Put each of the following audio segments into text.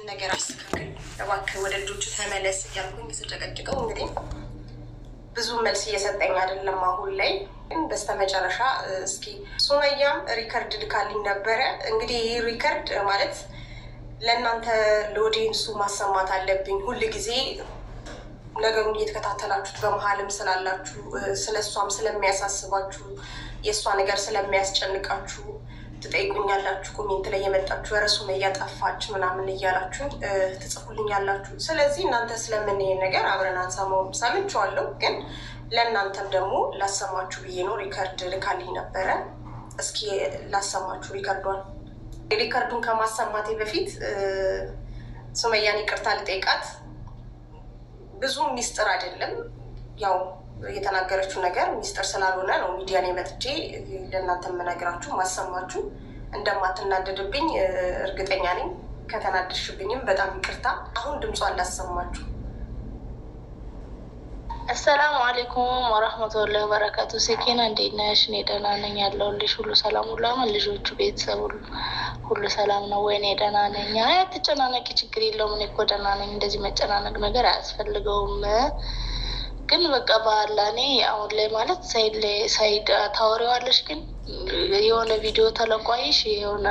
ያለህን ነገር አስተካክል እባክህ፣ ወደ ልጆቹ ተመለስ እያልኩኝ ስጨቀጭቀው እንግዲህ ብዙ መልስ እየሰጠኝ አይደለም። አሁን ላይ ግን በስተመጨረሻ እስኪ ሱመያም ሪከርድ ልካልኝ ነበረ። እንግዲህ ይህ ሪከርድ ማለት ለእናንተ ለኦዲየንሱ ማሰማት አለብኝ። ሁል ጊዜ ነገሩን እየተከታተላችሁት በመሀልም ስላላችሁ ስለ እሷም ስለሚያሳስባችሁ የእሷ ነገር ስለሚያስጨንቃችሁ ትጠይቁኛላችሁ። ኮሜንት ላይ የመጣችሁ ረሱም እያጠፋች ምናምን እያላችሁ ትጽፉልኛላችሁ። ስለዚህ እናንተ ስለምን ነገር አብረን አንሰማውም። ሰምቼዋለሁ፣ ግን ለእናንተም ደግሞ ላሰማችሁ ብዬ ነው። ሪከርድ ልካልኝ ነበረ። እስኪ ላሰማችሁ ሪከርዷን። ሪከርዱን ከማሰማቴ በፊት ሱመያን ይቅርታ ልጠይቃት። ብዙም ሚስጥር አይደለም ያው የተናገረችው ነገር ሚስጥር ስላልሆነ ነው ሚዲያ ላይ መጥቼ ለእናንተ የምነግራችሁ ማሰማችሁ። እንደማትናደድብኝ እርግጠኛ ነኝ። ከተናደድሽብኝም በጣም ይቅርታ። አሁን ድምጿ እንዳሰማችሁ። አሰላሙ አሌይኩም ወራህመቱላሂ ወበረካቱ። ሴኬና እንዴት ነሽ? እኔ ደህና ነኝ። ያለሁልሽ ሁሉ ሰላም፣ ሁሉ አማን፣ ልጆቹ፣ ቤተሰብ ሁሉ ሰላም ነው ወይ? እኔ ደህና ነኝ። አይ አትጨናነቂ፣ ችግር የለውም። እኔ እኮ ደህና ነኝ። እንደዚህ መጨናነቅ ነገር አያስፈልገውም። ግን በቃ በኋላ እኔ አሁን ላይ ማለት ሳይድ ታወሪዋለች ግን የሆነ ቪዲዮ ተለቋይሽ የሆነ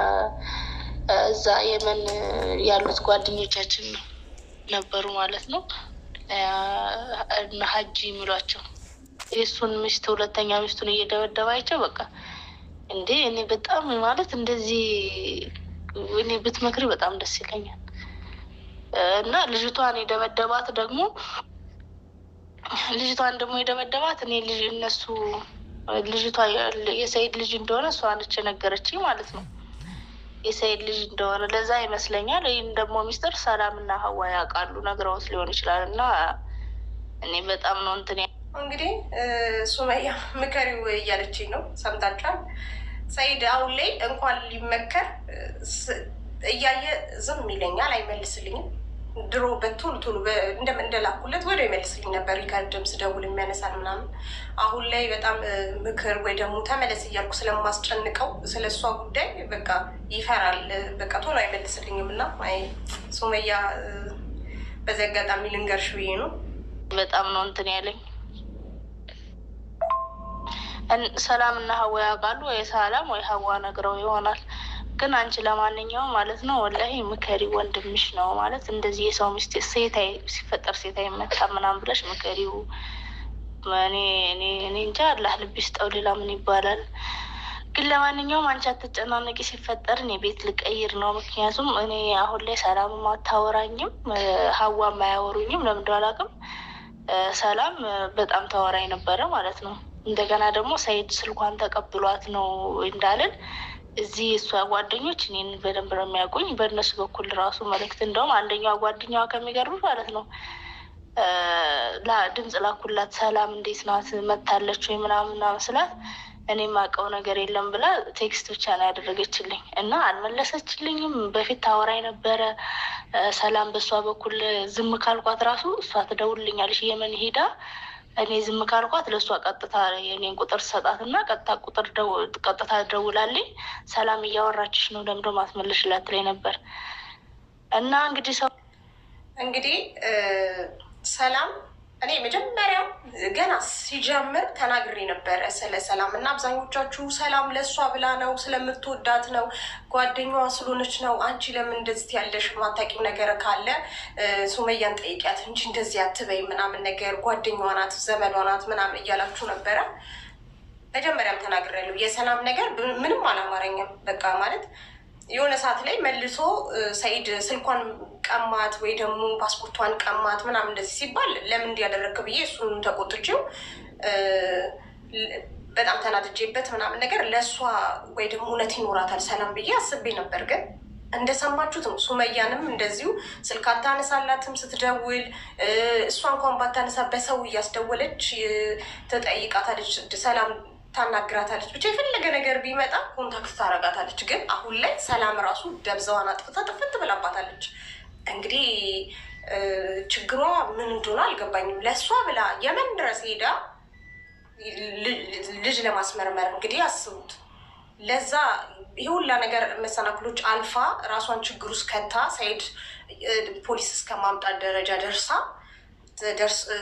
እዛ የመን ያሉት ጓደኞቻችን ነበሩ ማለት ነው ሀጂ የሚሏቸው የእሱን ሚስት ሁለተኛ ሚስቱን እየደበደባቸው በቃ እንዴ እኔ በጣም ማለት እንደዚህ እኔ ብትመክሪ በጣም ደስ ይለኛል። እና ልጅቷን የደበደባት ደግሞ ልጅቷን ደግሞ የደበደባት እኔ ልጅ እነሱ ልጅቷ የሰይድ ልጅ እንደሆነ እሷ ነች የነገረችኝ ማለት ነው። የሰይድ ልጅ እንደሆነ ለዛ ይመስለኛል። ይህን ደግሞ ሚስጥር ሰላም እና ሀዋ ያውቃሉ፣ ነግረውት ሊሆን ይችላል። እና እኔ በጣም ነው እንትን እንግዲህ ሱመያ ምከሪው እያለችኝ ነው። ሰምታችኋል። ሰይድ አሁን ላይ እንኳን ሊመከር እያየ ዝም ይለኛል፣ አይመልስልኝም ድሮ በቶሎ ቶሎ እንደላኩለት ወደ ይመልስልኝ ነበር። ሪከርድም ስደውል የሚያነሳል ምናምን። አሁን ላይ በጣም ምክር ወይ ደግሞ ተመለስ እያልኩ ስለማስጨንቀው ስለ እሷ ጉዳይ በቃ ይፈራል። በቃ ቶሎ አይመልስልኝም እና ሱመያ በዚህ አጋጣሚ ልንገርሽ ብዬ ነው። በጣም ነው እንትን ያለኝ ሰላም እና ሀዋ ያውቃሉ ወይ ሰላም ወይ ሀዋ ነግረው ይሆናል ግን አንቺ ለማንኛውም ማለት ነው ወላሂ ምከሪ፣ ወንድምሽ ነው ማለት እንደዚህ የሰው ሚስት ሴታ ሲፈጠር ሴታ ይመታ ምናምን ብለሽ ምከሪው። እኔ እንጃ አላህ ልብ ይስጠው። ሌላ ምን ይባላል? ግን ለማንኛውም አንቺ አትጨናነቂ። ሲፈጠር እኔ ቤት ልቀይር ነው። ምክንያቱም እኔ አሁን ላይ ሰላምም አታወራኝም፣ ሀዋም አያወሩኝም። ለምንድን አላውቅም። ሰላም በጣም ታወራኝ ነበረ ማለት ነው። እንደገና ደግሞ ሰይድ ስልኳን ተቀብሏት ነው እንዳልን እዚህ የእሷ ጓደኞች እኔን በደንብ ነው የሚያውቁኝ። በእነሱ በኩል ራሱ መልእክት እንደውም አንደኛዋ ጓደኛዋ ከሚገርምሽ ማለት ነው ድምፅ ላኩላት፣ ሰላም እንዴት ናት መታለች ወይ ምናምን ስላት እኔ የማውቀው ነገር የለም ብላ ቴክስት ብቻ ነው ያደረገችልኝ እና አልመለሰችልኝም። በፊት ታወራ ነበረ። ሰላም በእሷ በኩል ዝም ካልኳት ራሱ እሷ ትደውልልኛለች የመን ሄዳ እኔ ዝም ካልኳት ለእሷ ቀጥታ የኔን ቁጥር ሰጣት እና ቀጥታ ቁጥር ቀጥታ ደውላልኝ ሰላም እያወራችሽ ነው ደምዶ ማስመለሽላት ላይ ነበር እና እንግዲህ ሰው እንግዲህ ሰላም እኔ መጀመሪያም ገና ሲጀምር ተናግሬ ነበረ ስለ ሰላም እና አብዛኞቻችሁ ሰላም ለእሷ ብላ ነው ስለምትወዳት ነው ጓደኛዋ ስለሆነች ነው። አንቺ ለምን እንደዚህ ያለሽ ማታውቂው ነገር ካለ ሱመያን ጠይቂያት እንጂ እንደዚህ አትበይ ምናምን ነገር ጓደኛዋ ናት፣ ዘመኗ ናት ምናምን እያላችሁ ነበረ። መጀመሪያም ተናግሬያለሁ። የሰላም ነገር ምንም አላማረኝም። በቃ ማለት የሆነ ሰዓት ላይ መልሶ ሰኢድ ስልኳን ቀማት ወይ ደግሞ ፓስፖርቷን ቀማት ምናምን እንደዚህ ሲባል ለምን እንዲያደረግክ ብዬ እሱን ተቆጥቼው በጣም ተናድጄበት ምናምን ነገር ለእሷ ወይ ደግሞ እውነት ይኖራታል ሰላም ብዬ አስቤ ነበር። ግን እንደሰማችሁት ነው። ሱመያንም እንደዚሁ ስልክ አታነሳላትም ስትደውል፣ እሷ እንኳን ባታነሳ በሰው እያስደወለች ትጠይቃታለች ሰላም ታናግራታለች። ብቻ የፈለገ ነገር ቢመጣ ኮንታክት ታረጋታለች። ግን አሁን ላይ ሰላም ራሱ ደብዛዋን አጥፍታ ጥፍት ብላባታለች። እንግዲህ ችግሯ ምን እንደሆነ አልገባኝም። ለእሷ ብላ የመን ድረስ ሄዳ ልጅ ለማስመርመር እንግዲህ አስቡት። ለዛ ይሁላ ነገር መሰናክሎች አልፋ ራሷን ችግር ውስጥ ከታ ሳይድ ፖሊስ እስከማምጣት ደረጃ ደርሳ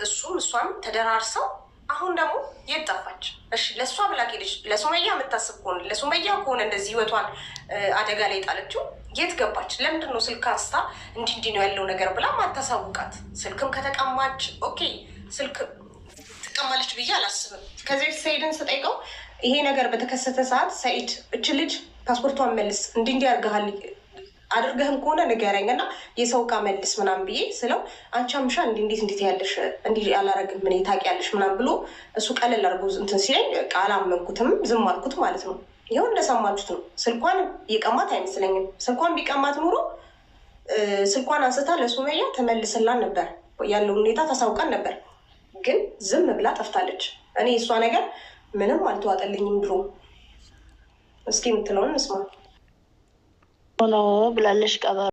እሱም እሷም ተደራርሰው አሁን ደግሞ የት ጠፋች? እሺ ለእሷ ብላ ሄደች። ለሱመያ የምታስብ ከሆነ ለሱመያ ከሆነ እንደዚህ ህይወቷን አደጋ ላይ ጣለችው፣ የት ገባች? ለምንድን ነው ስልክ አንስታ እንዲህ እንዲህ ነው ያለው ነገር ብላ ማታሳውቃት? ስልክም ከተቀማች ኦኬ፣ ስልክ ትቀማለች ብዬ አላስብም። ከዚህ በፊት ሰኢድን ስጠይቀው ይሄ ነገር በተከሰተ ሰዓት ሰኢድ እች ልጅ ፓስፖርቷን መልስ እንዲህ እንዲህ አድርገሃል አድርገህም ከሆነ ንገረኝ እና የሰው ዕቃ መልስ ምናም ብዬ ስለው አንቺ አምሻ እንዲ እንዴት እንዴት ያለሽ እንዲ አላረግም ምን ታውቂያለሽ ምናም ብሎ እሱ ቀለል አድርጎ እንትን ሲለኝ ቃል አመንኩትም ዝም አልኩት ማለት ነው። ይኸው እንደሰማችሁት ነው። ስልኳን የቀማት አይመስለኝም። ስልኳን ቢቀማት ኑሮ ስልኳን አንስታ ለሱመያ ተመልስላን ነበር፣ ያለው ሁኔታ ታሳውቃን ነበር። ግን ዝም ብላ ጠፍታለች። እኔ እሷ ነገር ምንም አልተዋጠልኝም። ድሮ እስኪ የምትለውን እንስማ። Ona o bilalashka